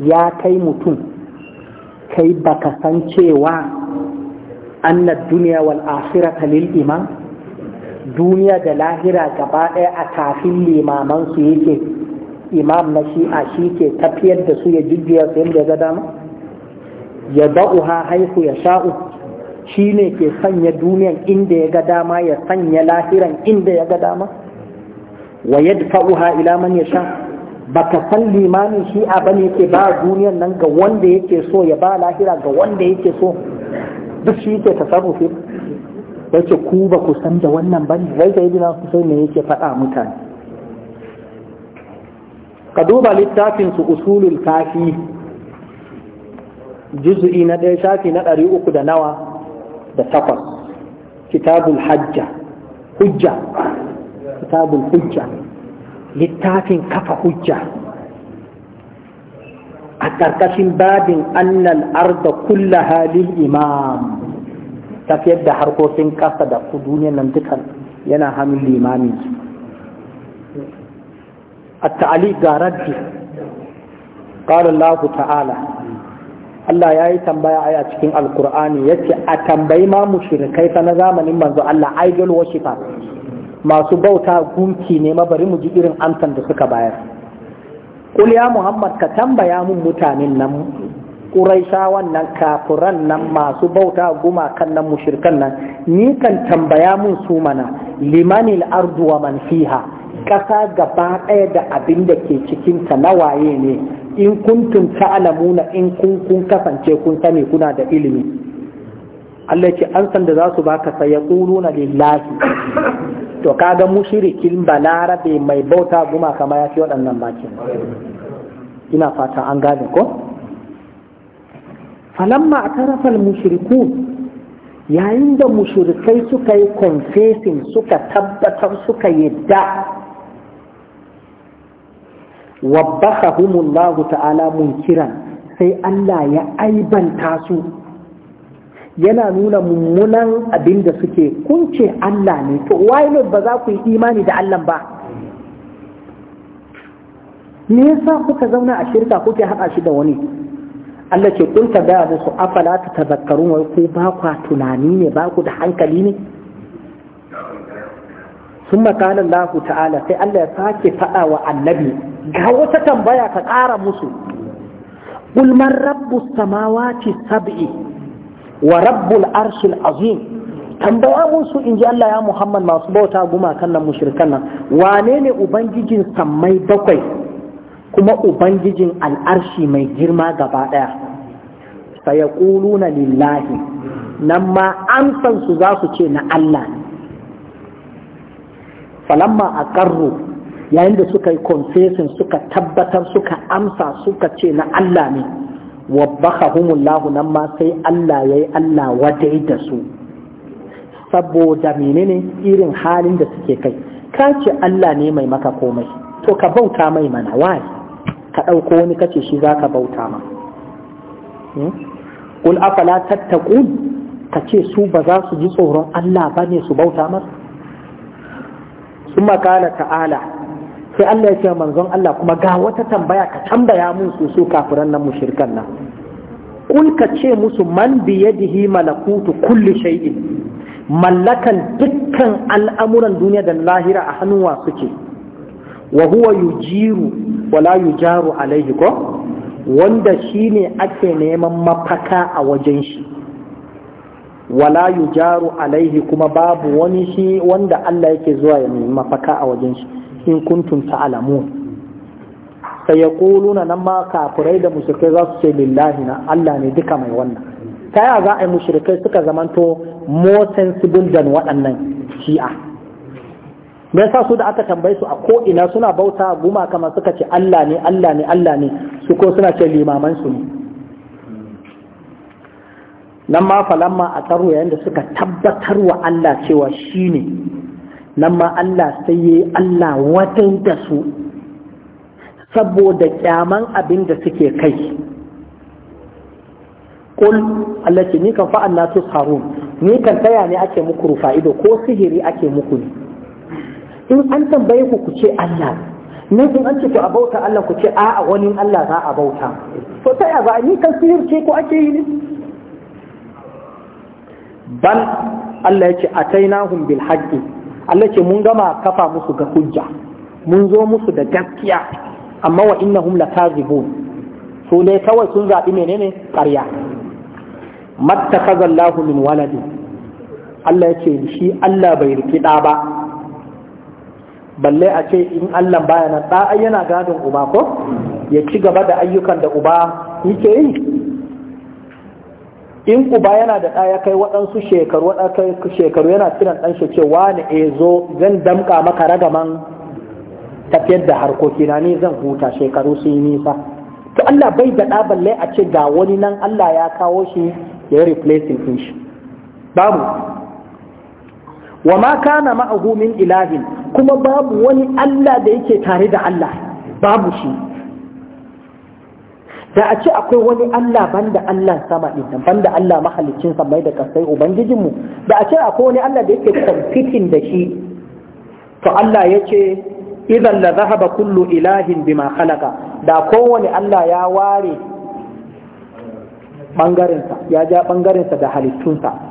ya kai mutum kai baka san cewa annad duniya wal akhirata lil iman duniya da lahira gaba ɗaya a kafin limaman su yake imam na shi'a shi ke tafiyar da su ya jujjuya su yadda ga dama ya ha haihu ya sha'u shi ne ke sanya duniyan inda ya ga dama ya sanya lahiran inda ya ga dama wa yadfa'uha ila man ya sha' baka san limamin shi'a a bane ke ba duniyan nan ga wanda yake so ya ba lahira ga wanda yake so duk shi yake tasarrufi yace ku ba ku san da wannan bane wai sai dina sai ne yake faɗa mutane ka duba littafin su usulul kafi juz'i na ɗaya shafi na ɗari uku da nawa da takwas kitabul hajja hujja kitabul hujja littafin kafa hujja a ƙarƙashin babin annal arda kullaha lil imam tafiyar da harkokin kasa da ku duniyar nan dukan yana hannun limamin su ga rabbi قال الله ta'ala Allah ya yi tambaya a cikin Alkur'ani ya ce a tambayi ma mu mushrikai fa na zamanin manzo Allah idol worshiper masu bauta gunki ne ma bari mu ji irin amsan da suka bayar. Qul Muhammad ka tambaya mun mutanen nan ƙuraishawan nan kafiran nan masu bauta gumakan nan mushirkan nan ni kan tambaya mun su mana limanil ardu wa man fiha ƙasa gaba ɗaya da abin da ke cikin ta na waye ne in kuntum ta'lamuna in kun kun kasance kun sani kuna da ilimi Allah ce an san da za su baka sai yaquluna lillahi to kaga mushrikin balarabe mai bauta guma kama ya fi waɗannan bakin ina fata an gane ko falamma a tarafal mushriku yayin da mushrikai suka yi confessing suka tabbatar suka yadda wabbasahumullahu ta'ala munkiran sai Allah ya aibanta su yana nuna mummunan abin da suke kunce Allah ne to why not ba za ku yi imani da Allah ba me yasa kuka zauna a shirka kuke haɗa shi da wani Allah ce kun ta gaya musu afala ta tazakkarun wai ko ba kwa tunani ne ba ku da hankali ne sun makanan lahu ta'ala sai Allah ya sake faɗa wa annabi ga wata tambaya ka ƙara musu ulman rabbu samawati sab'i wa rabbul arshil azim tambaya musu in ji Allah ya Muhammad masu bauta gumakan nan mushrikan nan wane ne ubangijin sammai bakwai kuma ubangijin al'arshi mai girma gaba ɗaya na lillahi nan ma amsan za su ce na Allah ne falamma aqarru yayin da suka yi confession suka tabbatar suka amsa suka ce na Allah ne wabbahahumullahu nan ma sai Allah yayi Allah wadai da su saboda menene irin halin da suke kai ka ce Allah ne mai maka komai to ka bauta mai mana wai ka ɗauko wani kace shi za ka bauta ma kul hmm? afala tattaqun ka ce su ba za su ji tsoron Allah ba ne su bauta masa summa qala ta'ala sai Allah ya ce manzon Allah kuma ga wata tambaya ka tambaya mun su su kafiran nan mushrikan nan kul ka ce musu man biyadihi malakutu kulli shay'in mallakan dukkan al'amuran duniya da lahira a hannuwa wa suke wa huwa yujiru wala yujaru alaihi ko wanda shine ake neman mafaka a wajen shi wala yujaru alaihi kuma babu wani shi wanda Allah yake zuwa ya nemi mafaka a wajen shi in kuntum ta'lamun sai ya nan kafirai da mushrikai za su ce lillahi na Allah ne duka mai wannan ta yaya za a yi mushrikai suka zamanto more sensible than waɗannan shi'a me yasa su da aka tambaye su a ko ina suna bauta guma kama suka ce Allah ne Allah ne Allah ne su ko suna ce limaman su ne nan ma falamma a tsaro yayin da suka tabbatar wa Allah cewa shi ne nan ma Allah sai yi Allah watan da su saboda kyaman abin da suke kai kul Allah ce ni kan fa'an na tusharun ni kan taya ne ake muku rufa ido ko sihiri ake muku ne in an tambaye ku ku ce Allah ne in an ce a bauta Allah ku ce a'a wani Allah za a bauta to ta yaba ni kan ce ko ake yi bal Allah ya ce atainahum bil haqqi Allah ce mun gama kafa musu ga hujja mun zo musu da gaskiya amma wa innahum lakazibun su ne kawai sun zaɓi menene ƙarya mattakaza Allah min waladi Allah ya ce shi Allah bai riki ɗa ba balle a ce in Allah baya nan da yana gadon uba ko ya ci gaba da ayyukan da uba yake yi in uba yana da ya kai waɗansu shekaru waɗansu shekaru yana kiran ɗan shi ce wani e eh, zo zan damƙa maka ragaman tafiyar da harkoki na ni zan huta shekaru sun yi nisa to Allah bai da balle a ce ga wani nan Allah ya kawo shi ya yi in shi babu wa ma kana ma'ahu min ilahin kuma babu wani Allah da yake tare da Allah babu shi da a ce akwai wani Allah banda Allah sama din banda Allah mahalicin mai da kasai ubangijinmu da a ce akwai wani Allah da yake kamfitin da shi to Allah ya ce, idan la zahaba kullu ilahin bima khalaqa da kowane Allah ya ware bangarensa ya ja bangarensa da halittunsa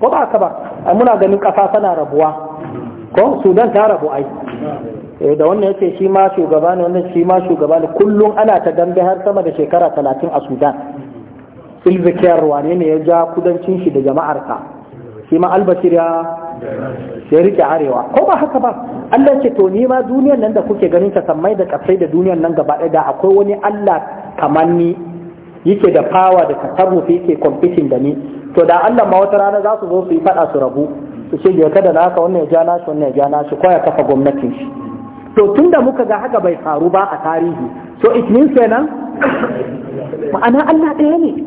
ko ba ka ba muna ganin kasa tana rabuwa ko sudan ta rabu ai eh, da wannan yace shi ma shugaba ne wannan shi ma shugaba ne kullum ana ta dambe har sama da shekara talatin a sudan silvikiyar wane ne ya ja kudancin shi da jama'arsa shi ma albashir ya ya rike arewa ko ba haka ba Allah ce to ni ma duniyar nan da kuke ganin ta sammai da kasai da duniyar nan gaba da akwai wani Allah kamanni? yake da fawa da tasarrufi yake kwamfishin da ni to da Allah ma wata rana za su zo su yi fada su rabu su ce da kada na haka wannan ya ja nashi wannan ya ja nashi ko ya kafa gwamnatin shi to tunda muka ga haka bai faru ba a tarihi so it means kenan <coughs> ma'ana Allah ɗaya ne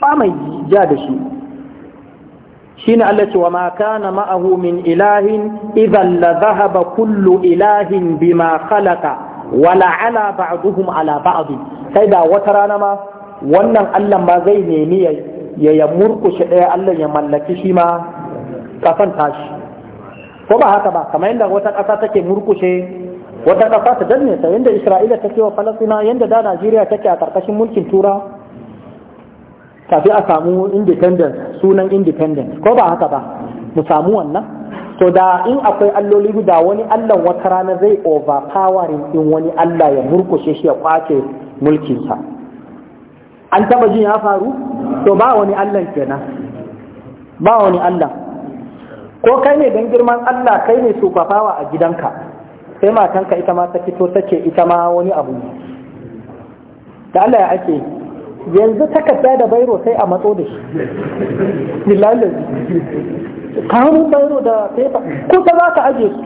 ba mai ja da shi shine Allah ce wa ma kana ma'ahu min ilahin idan la dhahaba kullu ilahin bima khalaqa wala ala ba'duhum ala ba'd sai da wata rana ma wannan Allah ma zai nemi ya ya murkushe ɗaya Allah ya mallaki shi ma kafan tashi ko ba haka ba kamar yadda wata ƙasa take murkushe wata ƙasa ta danne ta yadda Isra'ila take wa Falastina yadda da Najeriya take a ƙarƙashin mulkin Tura kafin a samu independence sunan independence ko ba haka ba mu samu wannan to da in akwai alloli guda wani allah wata rana zai overpowering in wani allah ya murkushe shi ya kwace mulkinsa an taba jin ya faru to ba wani allah kenan ba wani allah ko kai ne don girman allah kai ne sufafawa a gidanka sai matanka ita ma ta fito ta ce ita ma wani abu da allah ya ake yanzu takarda da bairo sai a matso da shi <laughs> kamun bayro da fefa kusa za ka aje su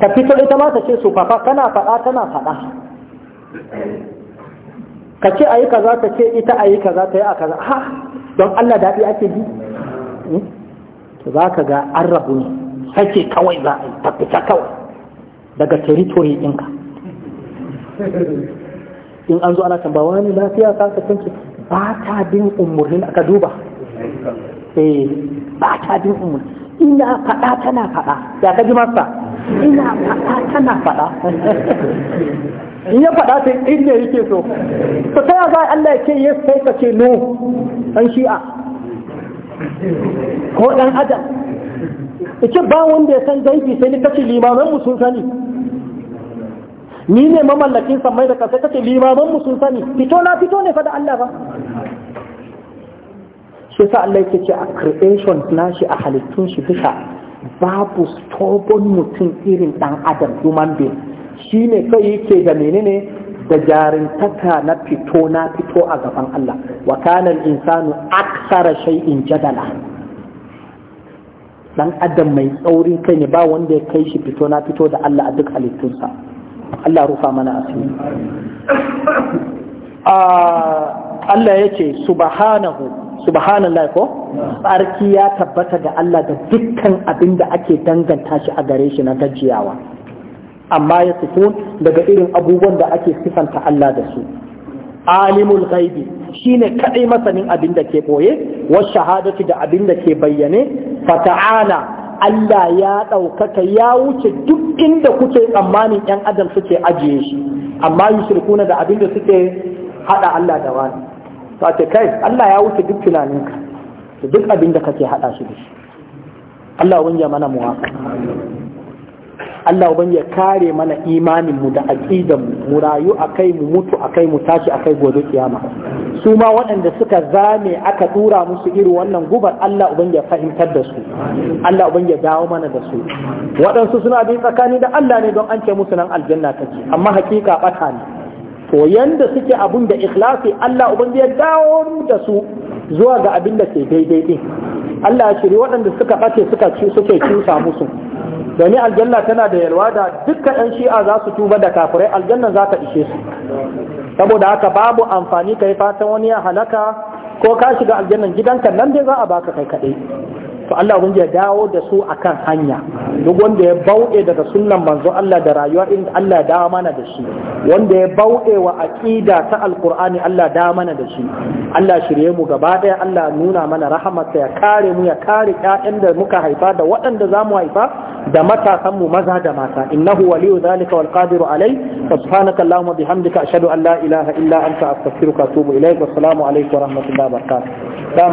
ta fito ita ma ta ce su fafa kana faɗa tana faɗa ka ce ka za ta ce ita ka za ta yi a kaza ha don Allah daɗi ake bi hmm? za ka ga an rabu ne sake kawai za a yi ta fita kawai daga teritori ɗinka in an zo ana tambawa ne lafiya ka kasance ba ta bin umarnin aka duba eh. ba ta jin umar ina faɗa tana faɗa ya ka ji masa ina faɗa tana faɗa <laughs> in ya faɗa sai ne yake so to ta za Allah ya ce yes sai ka ce no dan shi'a ko dan adam ce ba wanda ya san zanki sai ni kace limaman mu sun sani ni ne mamallakin samai da kasa kace limaman mu sun sani fito na fito ne fa da Allah ba shi sa Allah yake ce a creation nashi a halittun shi duka babu stubborn mutum irin dan adam human being ne kai yake da menene da jarintaka na fito na fito a gaban Allah wa kana insanu aksara in jadala dan adam mai tsaurin kai ne ba wanda ya kai shi fito na fito da Allah a duk halittunsa Allah rufa mana asiri ah, Allah ya ce subhanahu subhanallah ko tsarki ya tabbata ga Allah da dukkan abin da ake danganta shi a gare shi na gajiyawa amma ya sifun daga irin abubuwan da ake sifanta Allah da su alimul ghaibi shine kadai masanin abin da ke boye wa shahadatu da abin da ke bayyane fa ta'ala Allah ya ɗaukaka ya wuce duk inda kuke tsammanin 'yan adam suke ajiye shi amma yushrikuna da abin da suke hada Allah da wani ta ce kai Allah ya wuce duk tunaninka da duk abin da kake hada su, da shi Allah mana Allah ya kare mana imanin mu da aqidan mu rayu akai mu mutu akai mu tashi akai gobe kiyama su ma waɗanda suka zame aka ɗura musu iri wannan gubar Allah ubangiji ya fahimtar da su Allah ubangiji ya dawo mana da su waɗansu suna bin tsakani da Allah ne don an ce musu nan aljanna take amma hakika bata ne to yanda suke abun da ikhlasi Allah ubangi ya dawo da su zuwa ga abin da ke daidai din Allah ya shiri waɗanda suka ɓace suka ci suke cusa musu domin aljanna tana da yalwa da dukkan ɗan shi'a za su tuba da kafirai aljanna za ta ishe su saboda haka babu amfani kai fatan wani ya halaka ko ka shiga aljannan gidanka nan dai za a baka kai kaɗai to Allah ubangiji ya dawo da su akan hanya duk wanda ya bauɗe daga sunnan manzo Allah da rayuwa in Allah ya dawo mana da shi wanda ya bauɗe wa aqida ta alqur'ani Allah ya dawo mana da shi Allah shirye mu gaba daya Allah nuna mana rahamarsa ya kare mu ya kare ƴaƴan da muka haifa da waɗanda za mu haifa da matasan mu maza da mata innahu waliyu zalika wal qadiru alai subhanaka allahumma bihamdika ashhadu an la ilaha illa anta astaghfiruka wa atubu ilaik wassalamu alaikum wa rahmatullahi wa barakatuh